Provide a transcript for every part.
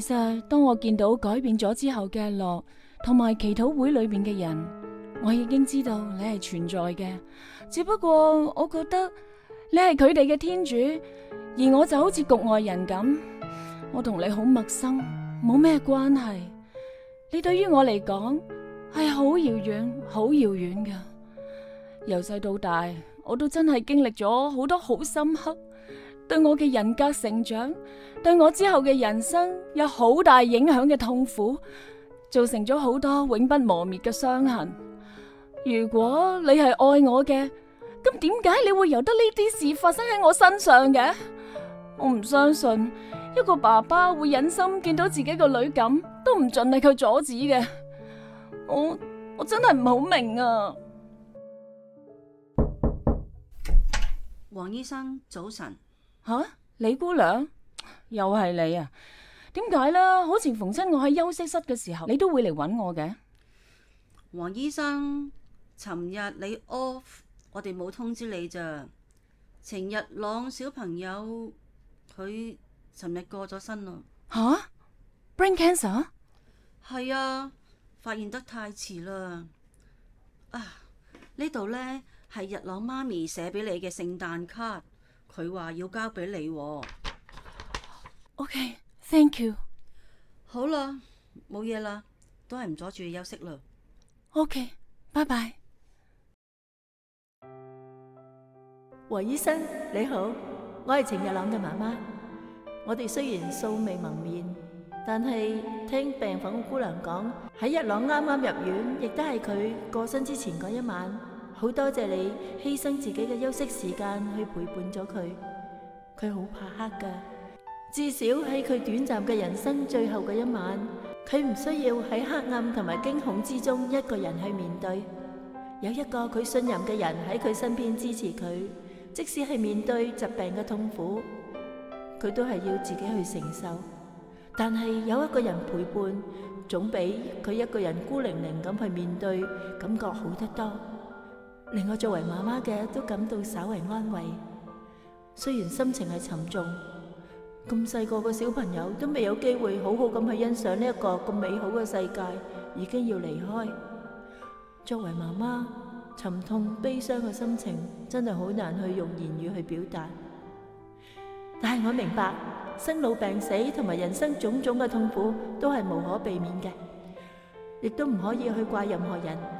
其實當我見到改變咗之後嘅樂同埋祈禱會裏邊嘅人，我已經知道你係存在嘅。只不過我覺得你係佢哋嘅天主，而我就好似局外人咁。我同你好陌生，冇咩關係。你對於我嚟講係好遙遠、好遙遠嘅。由細到大，我都真係經歷咗好多好深刻。對我嘅人格成長，對我之後嘅人生有好大影響嘅痛苦，造成咗好多永不磨滅嘅傷痕。如果你係愛我嘅，咁點解你會由得呢啲事發生喺我身上嘅？我唔相信一個爸爸會忍心見到自己個女咁，都唔盡力去阻止嘅。我我真係唔好明啊！黃醫生，早晨。吓，李姑娘，又係你啊？點解啦？好似逢親我喺休息室嘅時候，你都會嚟揾我嘅。黃醫生，尋日你 off，我哋冇通知你咋。程日朗小朋友，佢尋日過咗身啦。吓，brain cancer？係啊，發現得太遲啦。啊，呢度咧係日朗媽咪寫俾你嘅聖誕卡。佢話要交俾你喎。哦 okay, thank。OK，thank you。好啦，冇嘢啦，都係唔阻住你休息啦。o k 拜拜。e b 醫生你好，我係晴日朗嘅媽媽。我哋雖然素未謀面，但係聽病房嘅姑娘講，喺日朗啱啱入院，亦都係佢過身之前嗰一晚。好多謝你犧牲自己嘅休息時間去陪伴咗佢。佢好怕黑㗎，至少喺佢短暫嘅人生最後嘅一晚，佢唔需要喺黑暗同埋驚恐之中一個人去面對。有一個佢信任嘅人喺佢身邊支持佢，即使係面對疾病嘅痛苦，佢都係要自己去承受。但係有一個人陪伴，總比佢一個人孤零零咁去面對感覺好得多。令我作為媽媽嘅都感到稍為安慰，雖然心情係沉重，咁細個嘅小朋友都未有機會好好咁去欣賞呢一個咁美好嘅世界，已經要離開。作為媽媽，沉痛悲傷嘅心情真係好難去用言語去表達。但係我明白，生老病死同埋人生種種嘅痛苦都係無可避免嘅，亦都唔可以去怪任何人。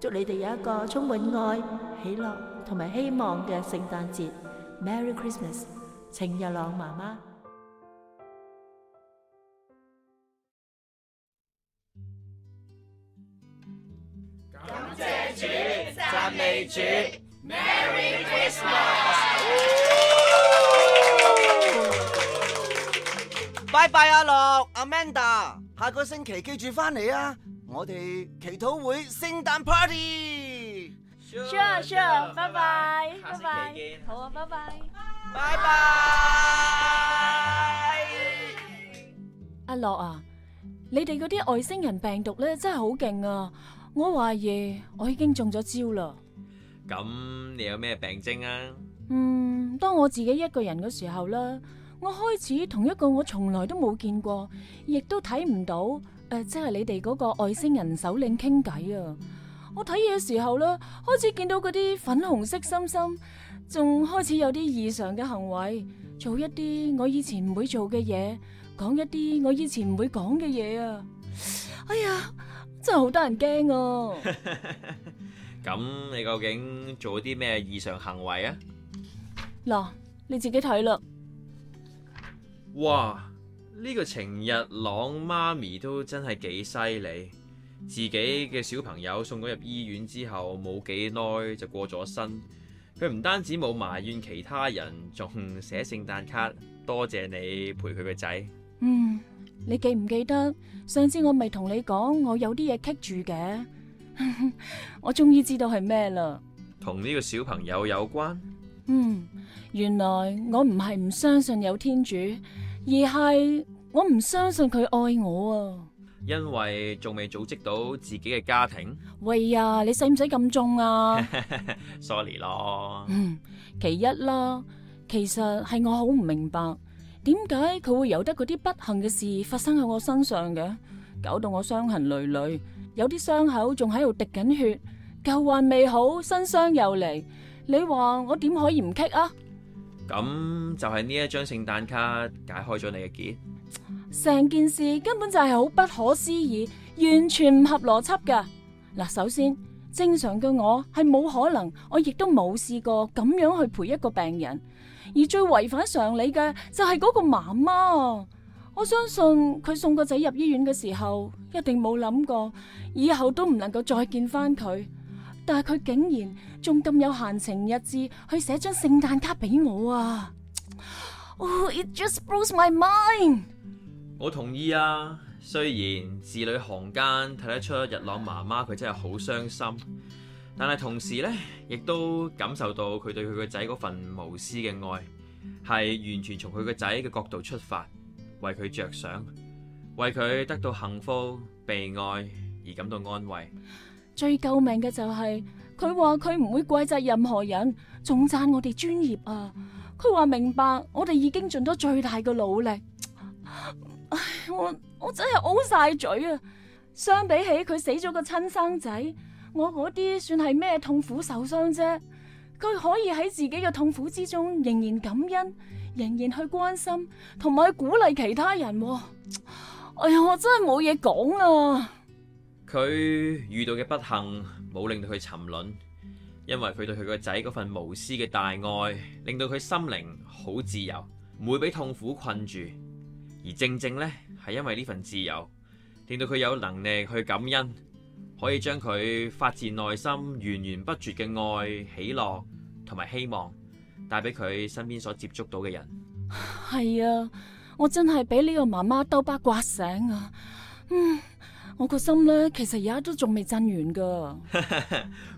祝你哋有一個充滿愛、喜樂同埋希望嘅聖誕節，Merry Christmas！程日朗媽媽。感謝主，讚美主，Merry Christmas！拜拜，阿樂，Amanda，下個星期記住翻嚟啊！我哋祈禱會聖誕 party，sure sure，拜拜，拜拜，好啊，拜拜，拜拜。阿樂啊，你哋嗰啲外星人病毒咧真係好勁啊！我懷疑我已經中咗招啦。咁你有咩病徵啊？嗯，當我自己一個人嘅時候啦，我開始同一個我從來都冇見過，亦都睇唔到。誒，即係你哋嗰個外星人首領傾偈啊！我睇嘢嘅時候咧，開始見到嗰啲粉紅色心心，仲開始有啲異常嘅行為，做一啲我以前唔會做嘅嘢，講一啲我以前唔會講嘅嘢啊！哎呀，真係好得人驚啊！咁你究竟做咗啲咩異常行為啊？嗱，你自己睇啦！哇！呢個程日朗媽咪都真係幾犀利，自己嘅小朋友送咗入醫院之後冇幾耐就過咗身，佢唔單止冇埋怨其他人，仲寫聖誕卡多謝你陪佢個仔。嗯，你記唔記得上次我咪同你講，我有啲嘢棘住嘅， 我終於知道係咩啦，同呢個小朋友有關？嗯，原來我唔係唔相信有天主。而係我唔相信佢愛我啊！因為仲未組織到自己嘅家庭。喂呀，你使唔使咁重啊？Sorry 咯。嗯，其一啦，其實係我好唔明白，點解佢會由得嗰啲不幸嘅事發生喺我身上嘅？搞到我傷痕累累，有啲傷口仲喺度滴緊血，舊患未好，新傷又嚟，你話我點可以唔棘啊？咁就係呢一張聖誕卡解開咗你嘅結？成件事根本就係好不可思議，完全唔合邏輯㗎。嗱，首先正常嘅我係冇可能，我亦都冇試過咁樣去陪一個病人，而最違反常理嘅就係嗰個媽媽。我相信佢送個仔入醫院嘅時候，一定冇諗過以後都唔能夠再見翻佢。但係佢竟然仲咁有閒情逸致去寫張聖誕卡俾我啊！Oh, it just blows my mind。我同意啊，雖然字裏行間睇得出日朗媽媽佢真係好傷心，但係同時呢，亦都感受到佢對佢個仔嗰份無私嘅愛，係完全從佢個仔嘅角度出發，為佢着想，為佢得到幸福、被愛而感到安慰。最救命嘅就係佢話佢唔會怪責任何人，仲讚我哋專業啊！佢話明白我哋已經盡咗最大嘅努力。唉，我我真係 O 晒嘴啊！相比起佢死咗個親生仔，我嗰啲算係咩痛苦受傷啫？佢可以喺自己嘅痛苦之中，仍然感恩，仍然去關心同埋去鼓勵其他人。哎呀，我真係冇嘢講啦。佢遇到嘅不幸冇令到佢沉淪，因為佢對佢個仔嗰份無私嘅大愛，令到佢心靈好自由，唔會俾痛苦困住。而正正咧，係因為呢份自由，令到佢有能力去感恩，可以將佢發自內心源源不絕嘅愛、喜樂同埋希望，帶俾佢身邊所接觸到嘅人。係啊，我真係俾呢個媽媽兜巴刮醒啊，嗯。我個心咧，其實而家都仲未震完噶。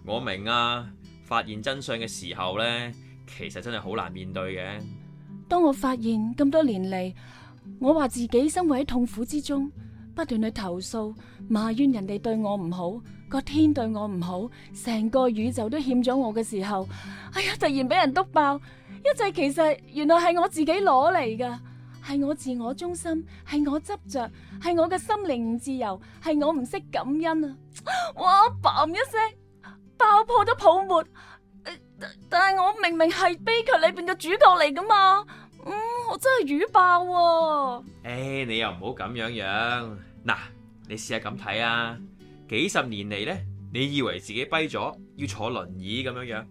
我明啊，發現真相嘅時候咧，其實真係好難面對嘅。當我發現咁多年嚟，我話自己生活喺痛苦之中，不斷去投訴、埋怨人哋對我唔好，個天對我唔好，成個宇宙都欠咗我嘅時候，哎呀，突然俾人篤爆，一切其實原來係我自己攞嚟噶。係我自我中心，係我執着，係我嘅心靈唔自由，係我唔識感恩啊！哇，砰一聲，爆破咗泡沫。但係我明明係悲劇裏邊嘅主角嚟噶嘛。嗯，我真係語爆。誒，你又唔好咁樣樣。嗱，你試下咁睇啊，幾十年嚟咧，你以為自己跛咗要坐輪椅咁樣樣？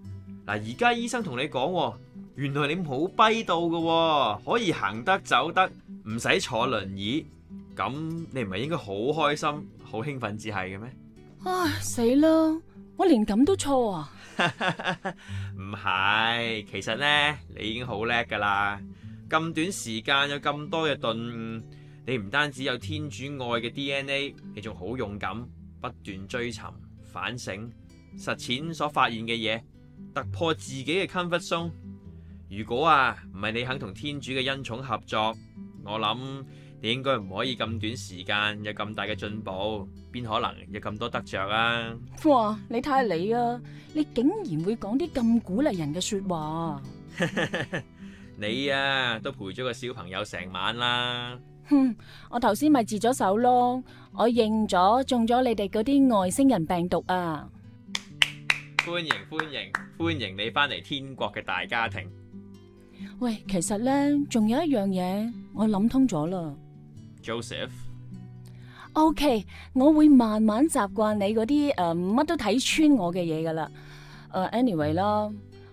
嗱，而家醫生同你講喎，原來你冇跛到嘅，可以行得走得，唔使坐輪椅。咁你唔係應該好開心、好興奮至係嘅咩？唉，死啦！我連咁都錯啊！唔係， 其實呢，你已經好叻噶啦。咁短時間有咁多嘅頓悟，你唔單止有天主愛嘅 D N A，你仲好勇敢，不斷追尋、反省、實踐所發現嘅嘢。突破自己嘅 comfort zone。如果啊,唔係你肯同天主嘅恩寵合作,我諗你應該唔可以咁短時間有咁大嘅進步，邊可能有咁多得着啊？哇！你睇下你啊,你竟然會講啲咁鼓勵人嘅說話。 你啊,都陪咗個小朋友成晚啦。哼,我頭先咪自咗手咯,我認咗中咗你哋嗰啲外星人病毒啊！歡迎歡迎，歡迎你翻嚟天國嘅大家庭。喂，其實咧，仲有一樣嘢，我諗通咗啦。Joseph，OK，okay，我會慢慢習慣你嗰啲誒，乜，呃，都睇穿我嘅嘢噶啦。誒，uh，anyway 啦，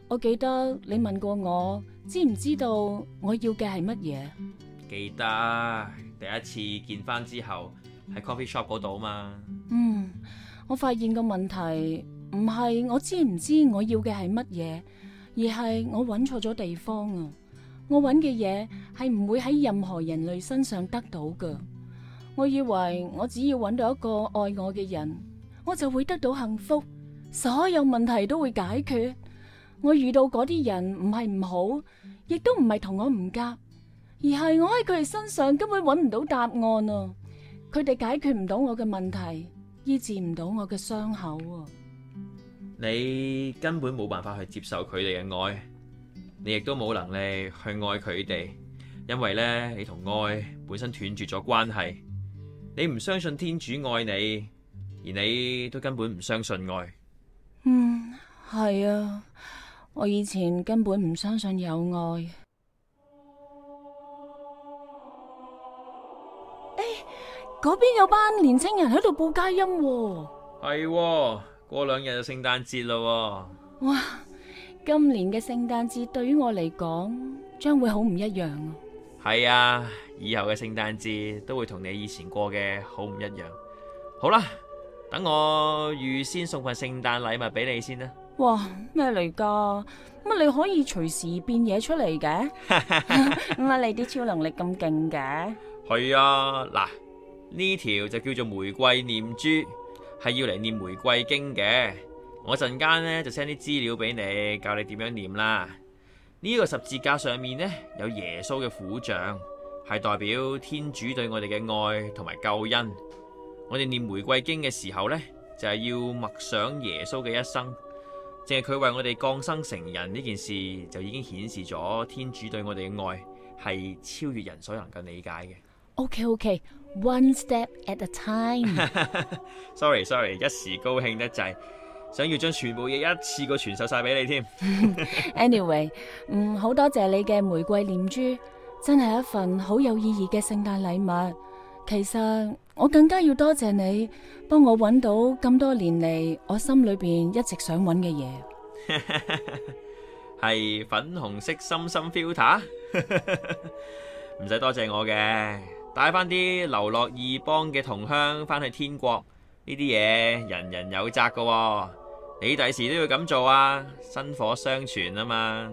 我記得你問過我，知唔知道我要嘅係乜嘢？記得第一次見翻之後，喺 coffee shop 嗰度嘛。嗯，我發現個問題。唔係我知唔知我要嘅係乜嘢，而係我揾錯咗地方啊。我揾嘅嘢係唔會喺任何人類身上得到噶。我以為我只要揾到一個愛我嘅人，我就會得到幸福，所有問題都會解決。我遇到嗰啲人唔係唔好，亦都唔係同我唔夾，而係我喺佢哋身上根本揾唔到答案啊。佢哋解決唔到我嘅問題，醫治唔到我嘅傷口啊。你根本冇辦法去接受佢哋嘅愛，你亦都冇能力去愛佢哋，因為咧你同愛本身斷絕咗關係。你唔相信天主愛你，而你都根本唔相信愛。嗯，係啊，我以前根本唔相信有愛。誒，哎，嗰邊有班年青人喺度報佳音，啊。係，啊。過兩日就聖誕節咯，哇！今年嘅聖誕節對於我嚟講將會好唔一樣啊。係啊，以後嘅聖誕節都會同你以前過嘅好唔一樣。好啦，等我預先送份聖誕禮物俾你先啦。哇，咩嚟噶？乜你可以隨時變嘢出嚟嘅？乜你啲超能力咁勁嘅？係啊，嗱，呢條就叫做玫瑰念珠。係要嚟念玫瑰經嘅，我陣間呢就 send 啲資料俾你，教你點樣念啦。呢個十字架上面呢有耶穌嘅苦像，係代表天主對我哋嘅愛同埋救恩。我哋念玫瑰經嘅時候呢，就係要默想耶穌嘅一生，淨係佢為我哋降生成人呢件事就已經顯示咗天主對我哋嘅愛係超越人所能夠理解嘅。OK OK。One step at a time。Sorry，sorry，一時高興得滯，想要將全部嘢一次過傳授晒俾你添。Anyway，嗯，好多謝你嘅玫瑰念珠，真係一份好有意義嘅聖誕禮物。其實我更加要多謝你，幫我搵到咁多年嚟，我心裏邊一直想搵嘅嘢，係粉紅色深深 filter，唔使多謝我嘅。帶返啲流落異邦嘅同鄉返去天國。呢啲嘢，人人有責㗎喎。你第時都要咁做啊，薪火相傳啊嘛。